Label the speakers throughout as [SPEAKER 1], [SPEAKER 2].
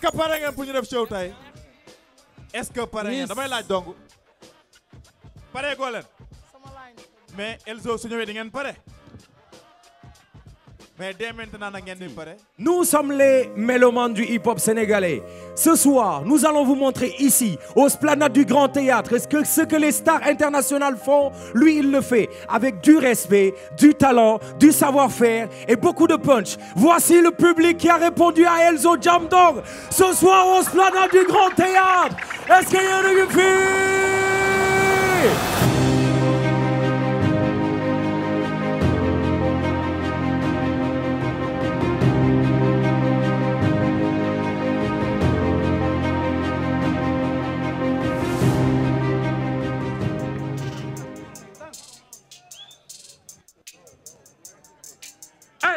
[SPEAKER 1] est-ce que pare ngeen pour ñu def show tey est-ce que pare ngeen damay laaj dong pare goo leen mais Elzo su ñëwee di ngeen pare Mais dès maintenant na ngeen di pare.
[SPEAKER 2] Nous sommes les mélomanes du hip-hop sénégalais. Ce soir, nous allons vous montrer ici, aux Esplanade du Grand Théâtre, ce que les stars internationales font, lui, il le fait avec du respect, du talent, du savoir-faire et beaucoup de punch. Voici le public qui a répondu à Elzo Jamdong. Ce soir, aux Esplanade du Grand Théâtre. Est-ce que yéen a ngi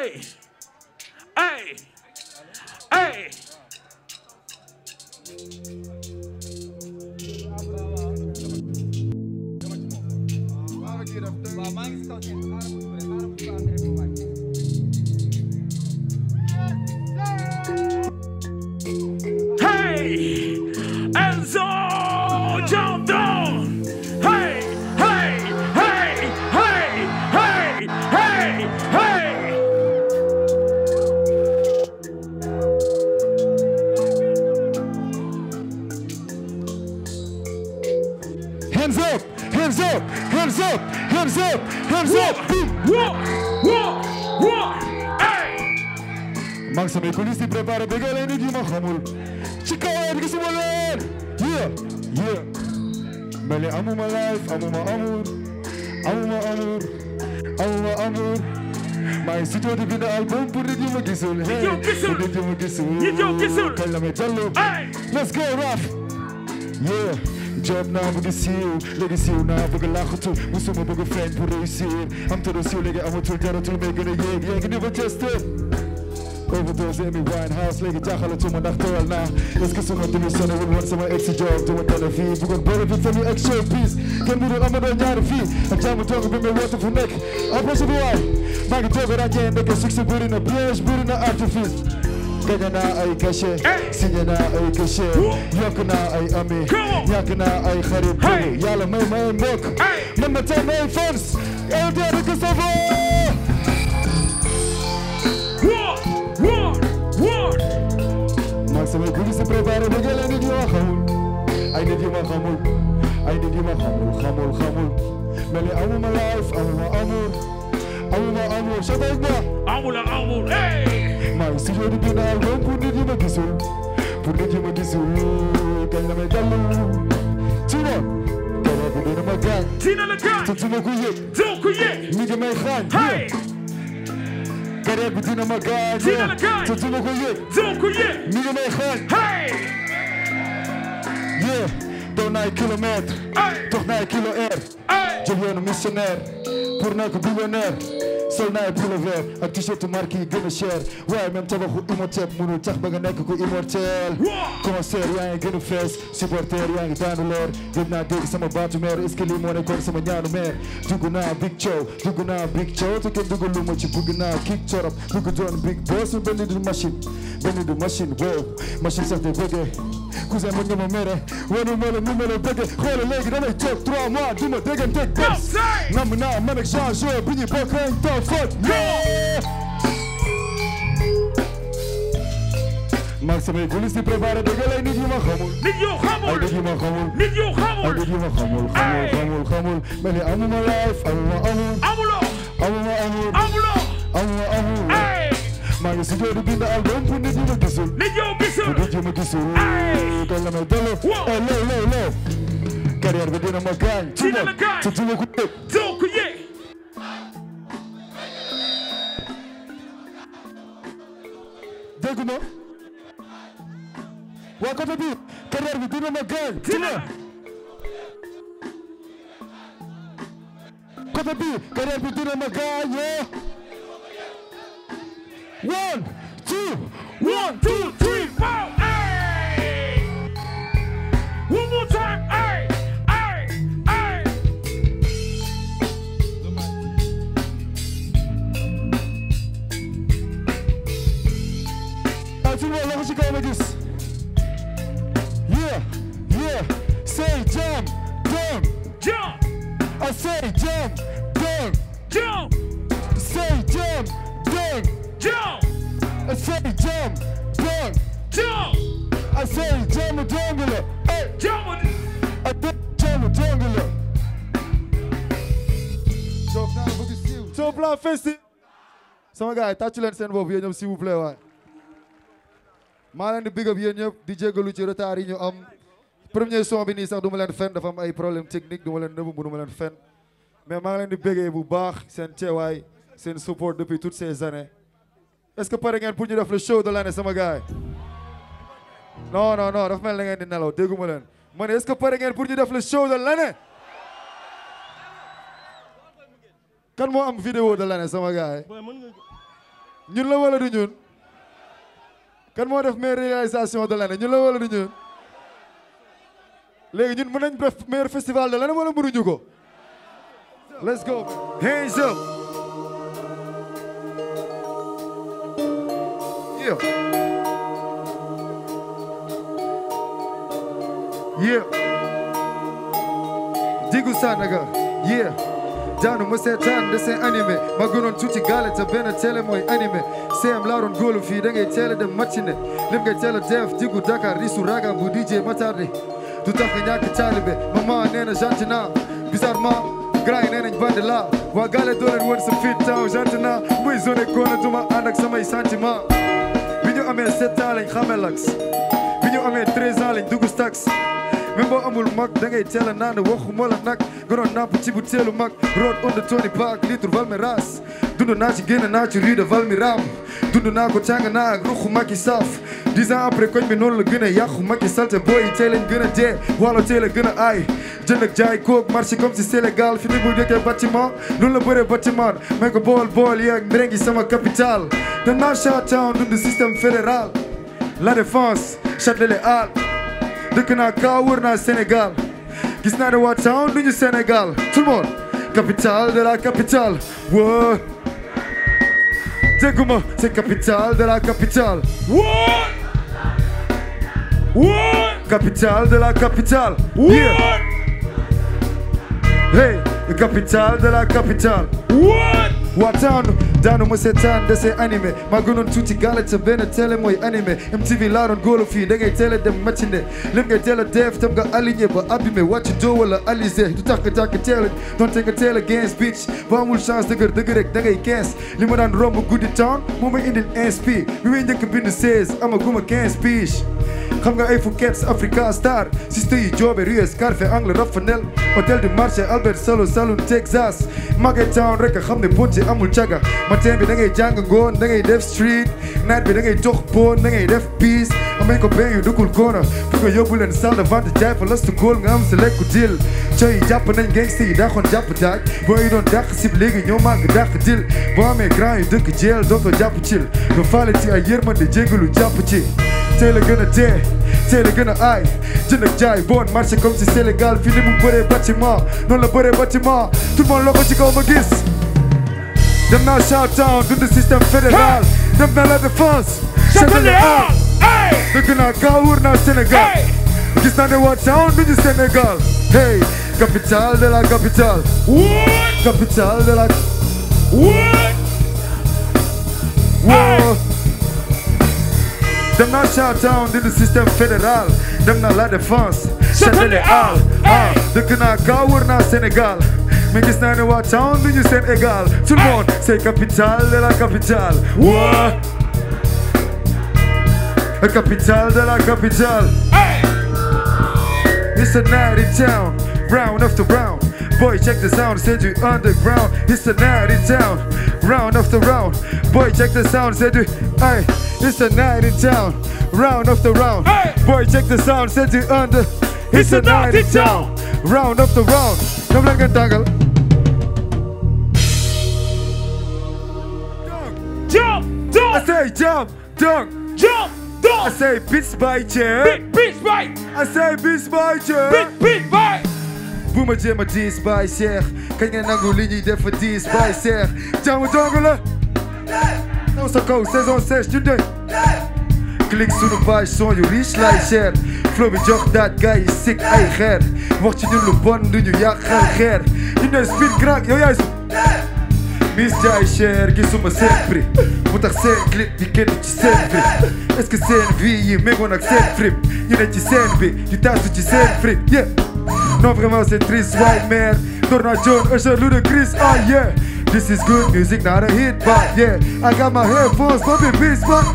[SPEAKER 2] hey, hey, hey. police di préparé bëgg leen nit yi ma xamul ci kaw gisuma leen yeah yeah mel amuma life amuma amour amuma amour amuma amour maa ngi studio di bind album pour nit yi ma gisul hey pour nit yi ma gisul kañ la may jallu let's go rap yeah job naa bëgg siiw léegi siiw naa bëgg làqatu musuma bëgg feeñ pour réussir am toro siiw léegi amatul jaratul may gën a yéeg yéeg ni ba testé overdose Amy Winehouse léegi jaaxalatuma ndax teyal naa est-ce que suma démissionné wul woon sama ex job duma tane fii bëggoon boole fi famille ak showbiz kenn mu dul amadoo ñaar fii ak jaamu toog bi may woote fu nekk approche bi waay maa ngi doog a ràññee ndeke succès bëri na piège bëri na artifice gañe naa ay cachet signé naa ay cachet yokk naa ay ami ñàkk naa ay xarit yàlla may may mbokk man ma tey may fans LDR rek sa ko préparé dégg la nit yu ma xamul ay nit yu ma xamul ay nit yu ma xamul xamul xamul mel ni amuma life amuma amour amuma amour c'est vrai que. amula amour hey. maa ngi si jooju bi daal donc pour nit yi ma gisul pour nit yi ma gisul kañ la may dellu ci noonu. ma gaañ dina la gaañ te dina ko yëg doo ko yëg mi ngi may xaañ hay kare bi dina ma gaañ dina la gaañ te dina ko yëg doo ko yëg mi ngi may xaañ hay Yeah, doonay kilomètre dox naay kilo er. heure jóg yoonu missionnaire pour nekk billionnaire sol naa pour le verre ak t-shirt marque yi i a cher waaye même tabaxu immortel mënul tax ba nga nekk ku immortel concert yaa ngi gën a supporter yaa ngi daanu leer gën naa sama baatu meer est-ce que lii moo meer dugg big coow dugg big coow te kenn dugg lu big boss benn du machine benn machine boobu machine sax de bëggee cousin mën nga ma mere wanu ma la ni ma la bëggee xoolal léegi damay toog trois mois du ma dégganteeg bés nam naa man ak changeur bu ñu foot. mag samay police di préparé dëgg lay nit yu ma xamul. nit yu xamul ay nit yu ma xamul. nit yu xamul ay nit yu ma xamul. xamul xamul xamul. ma ne amuma life amuma amul. amuloo amuma amul. amuloo amuma amul. maa ngi studio di bind album pour nit yu ma gisul. nit yu gisul nit yu ma gisul. kañ la may delloo. wow eh, loo loo loo. carrière bi dina ma gaañ. dina la gaañ tuuti ko. déggu ma waa côté bi carrière bi dina ma gën dina côté bi carrière bi dina ma gaañ one two one two three four never just. Yeah, yeah. Say jump, jump, jump. I say jump, jump, jump. Say jump, jump, jump. I say jump, jump, jump. I say jump, jungler. Hey, jump. I say
[SPEAKER 1] jump, jungler. Jump now, but it's you. Jump, festival. Sama gars, tàccu leen seen bopp yéen ñoom s'il vous plaît waay. maa leen di big up yéen ñëpp di jégalu ci retard yi ñu am premier son bi nii sax du ma leen fen dafa am ay problème technique du ma leen nëbb bu leen fen mais maa ngi leen di bégee bu baax seen teewaay seen support depuis toutes ces années est-ce que pare ngeen pour ñu def le show de l'année sama gars non non non mel ne ngeen di nelaw dégguma leen ma ne est-ce que pare ngeen pour ñu def le show de l'année kan moo am vidéo de l'année sama gars ñun la wala du ñun kan moo def meilleure réalisation de l'année la wala du ñun léegi ñun mën nañ def meilleur festival de l'année wala mënuñu ko let's go hands up yeah yeah Digu Sandaga yeah daanu ma seetaan dessin animé ma gënoon tuuti gaale te benn télé mooy animé seem laaroon góolu fii da ngay teel a dem matiné lim ngay teel a def diggu Dakar risu raga bu DJ Matardi du tax nga ñàkk taalibe maman nee na gentil naa bizarrement grand yi nee nañ bandi la waa gaale doo leen woon sa fit taw gentil naa muy zone koona duma ànd ak samay sentiment bi ñu amee sept ans lañ xame lax bi ñu amee treize ans lañ dugg même boo amul mag da ngay teel a naan waxuma la nag nga doon nàpp ci bu mag root on de toni baak litre Valmeras dund naa ci génn naa ci rue de Valmiram dund naa ko càng naa ak ruxu Macky saaf dix ans après koñ bi noonu la gën a yàqu Macky salte booy tey lañ gën a dee waalo tey la gën a aay jënd ak jaay koog marché comme si Sénégal fi ni mu dëkkee bâtiment loolu la bëree bâtiment may ko bool bool yeeg merengi sama capital dem naa Chinatown dund système dëkk naa kaa wër naa Sénégal gis naa ne waa town du ñu Sénégal tout le monde capitale de la capitale woo dégguma c'est capitale de la capitale woo woo capitale de la capitale yeah hey capitale de la capitale woo watano dano musetan dese anime magonon tuuti galata bene télé mooy anime mtv laaron goolo fii da ngay teel dem matine lim ngay teel a def tam nga aligné ba abime wàcc doo wala alisé du tax nga jàkk teel a donte a gens bitch ba amul chance dëgër dëgër rek da ngay 15 li ma daan romb guddi town moo ma in indil inspi bi may njëkk bind 16 ama guma 15 piche xam nga ay Phuket Africa Star siste yi joobe rue Scarfe angle rafanel hôtel du marché Albert Salo Saloon Texas Market Town rek xam ne ponti amul caga matin bi da ngay jàng ngoon da ngay def street night bi da ngay jox poon da ngay def peace amee ko bee yu duggul góor a pour que yóbbu leen salle de vente jaay fa lastu góol nga am si lekku dil coy jàpp nañ gangsta yi daaxoon jàpp taaj boo yi doon dàq sib léegi ñoo màgg dàq dil boo amee grand yu dëkk jeel dootoo jàpp cil nga faale ci ay yërmande jégalu jàpp ci tey la gën a dee tey la gën a aay jënd ak jaay bon marché comme si Sénégal fii ni mu bëree bâtiment noonu la bëree bâtiment tout le monde loo ko ci kaw ma gis dem naa Chinatown dund système fédéral dem na la défense châtelet dëgg naa gaaw wër naa Sénégal gis naa ne waa town du ñu Sénégal hey capitale de la capitale capitale de la woo dem naa Chinatown di système fédéral dem naa la défense châtelet al ah dëgg naa gaaw wër naa Sénégal mais gis naa ne waa town du ñu seen égal tout le monde c'est capitale de la capitale woo la capitale de la capitale. Hey! It's a night in town, round after round. Boy, check the sound, c'est du underground. It's a night in town, round after round. Boy, check the sound, c'est du. Hey! It's a night in town, round after round. Hey! Boy, check the sound, c'est du under. It's, a, night in town, round after round. Comme la gantangle. Jump! Dunk! I say jump! Dunk! Jump! I say bis bay ceeb. bis bay. I say bis bay ceeb. bis bis bay. bu ma jéem a diis bay seex kañ nga nangu li ñuy def fa diis bay seex jaamu dong la. naw sa kaw saison sèche ñu dee. clique sunu page son yu riche lay cher flow bi jox daat gars yi sik ay xeer wax ci ñun lu bon du ñu yàqal xeer ñu ne speed grand yow yaay Miss Jaay Cher gisuma seen prix mu tax seen clip yi génn ci seen prix est-ce que seen vie yi méngoon ak seen frip ñu ne ci seen bi di taasu ci seen frip yeah non vraiment c'est triste waay mère Dorna John Usher Ludacris Chris ah yeah this is good music not a hit but yeah I got my headphones bobby beats but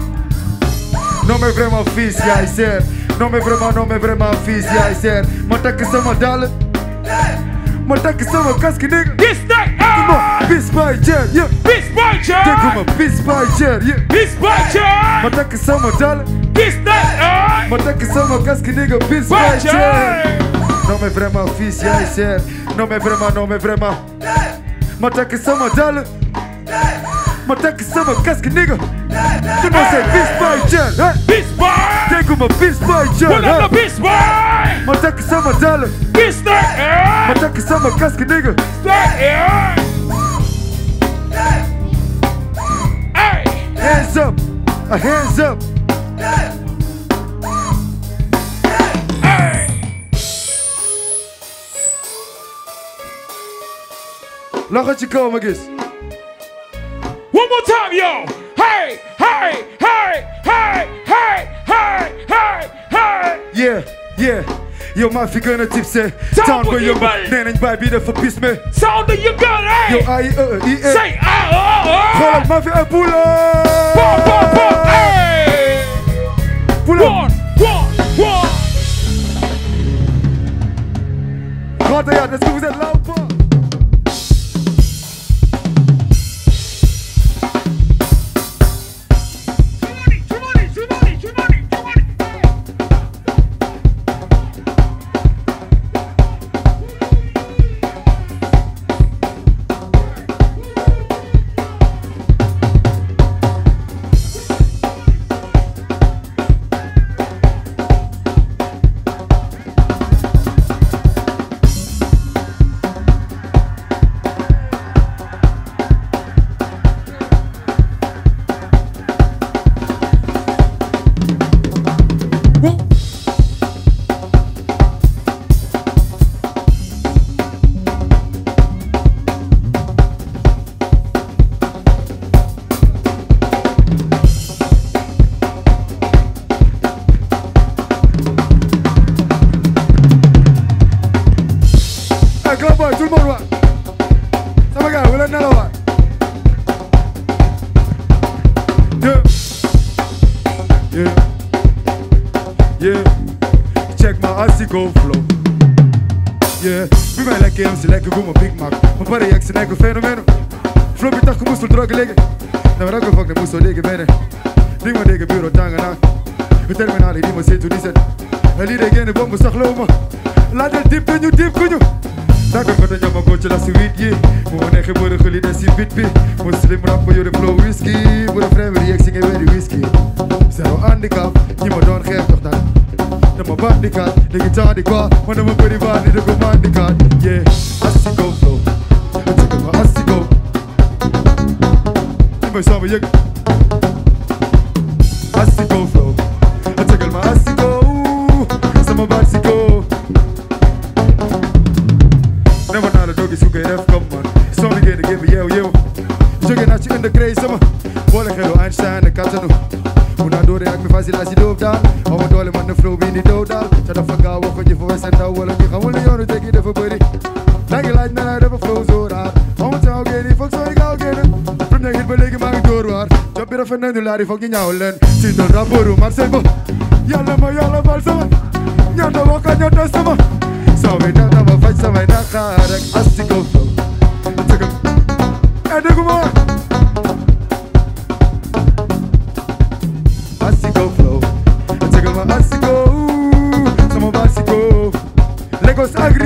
[SPEAKER 1] non mais vraiment fils Yaay Cher non mais vraiment non mais vraiment fils Yaay Cher ma takk sama dàll ma takk sama casque nég bis nag ma bis bay jer yëpp bis bay jer déggu ma bis bay jer yëpp bis bay jer ma takk sama dal bis nag ma takk sama casque nég bis bay jer non mais vraiment fils yaay seer non mais vraiment non mais vraiment ma takk sama dal ma takk sama casque nég tu no se bis bay jer bis bay déggu ma bis bay jer ma takk sama dàll bi stack ma takk sama casque nigga stack ay hands up a hands up loxo ci kaw ma gis
[SPEAKER 2] one more time yo hey hey hey hey hey
[SPEAKER 1] hey hey yeah yeah yow maa gën a tipsé. sound bu ñu bari nee nañ baay bi dafa pisme. sound yu gën a. yow ay i e. say ah oh oh. xoolal maa fi ay bulo. po po po ay. bulo woon woon woon. Grand théâtre, est-ce que vous êtes là? go flow yeah bi mij lekker MC lekker boem op Big Mac Mijn paar reacties lijken fenomeno Flow bi tak moest verdragen liggen Na mijn rakken vak de moest zo liggen benen Ding maar tegen bureau tangen aan We terminalen die maar zit hoe die zet En iedereen de bom zag lopen Laat het diep kun je diep kun je Dank voor dat je mijn coach laat zien weet je Mijn eigen boeren geleden dat zien wit pie Mijn slim rap voor jullie flow whisky Voor de vreemde reactie en weer de whisky Zijn we handicap the cat, the guitar, the car. When I'm up with the van, the command the cat. Yeah, as it go flow, I take it as it go. You must have a yek. As it go flow, I take it my as it go. Some of us go. Never know the dog is who get F come on. It's only gonna give me yell yell. Jogging at you in the crazy summer. Bola hello Einstein, the captain. Una dore jak mi fazi la si dove dal. Omo dole man the flow in the dove dal. te dafa gaaw wax ko ji foofu seen taw wala ñu xamul ni yoonu tegi dafa bëri daa ngi laaj na la dafa faw sóoraat xamul sa aw génn foog sooy gaaw génn du ne it ba léegi maa ngi dóor waar job bi rafet nañu laari foog ñu ñaaw leen si doon rapportu marché ba yàlla ma yàlla bal sama ñaata waka ñaata sama samay tax na ma faj samay naqaar rek asiko sëgëm e eh, déggu ma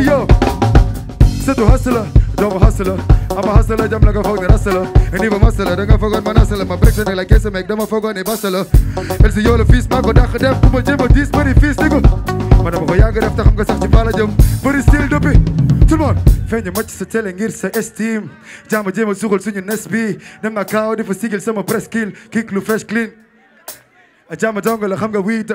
[SPEAKER 1] yo sëtu hustler doomu hustler ama hustler jam la ne rustler ni ba masala da nga ne la kees meeg fiis maa ko def bu ma a diis bëri fiis digu ma dama ko yàgg def te xam nga sax ci bala jëm bëri ma ci sa télé ngir sa estime jaama jéem a suxal suñu nes bi dem na kaaw di fa sigil sama preskil kick lu fresh clean a jaama donga la xam nga wiita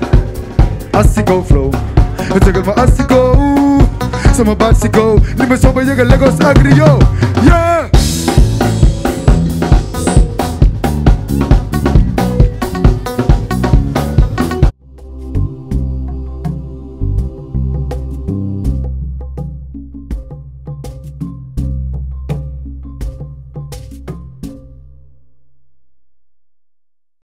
[SPEAKER 1] assiko flow tegal ma assiko sama baat si kaw li ma sooba yëgal Lagos ak Rio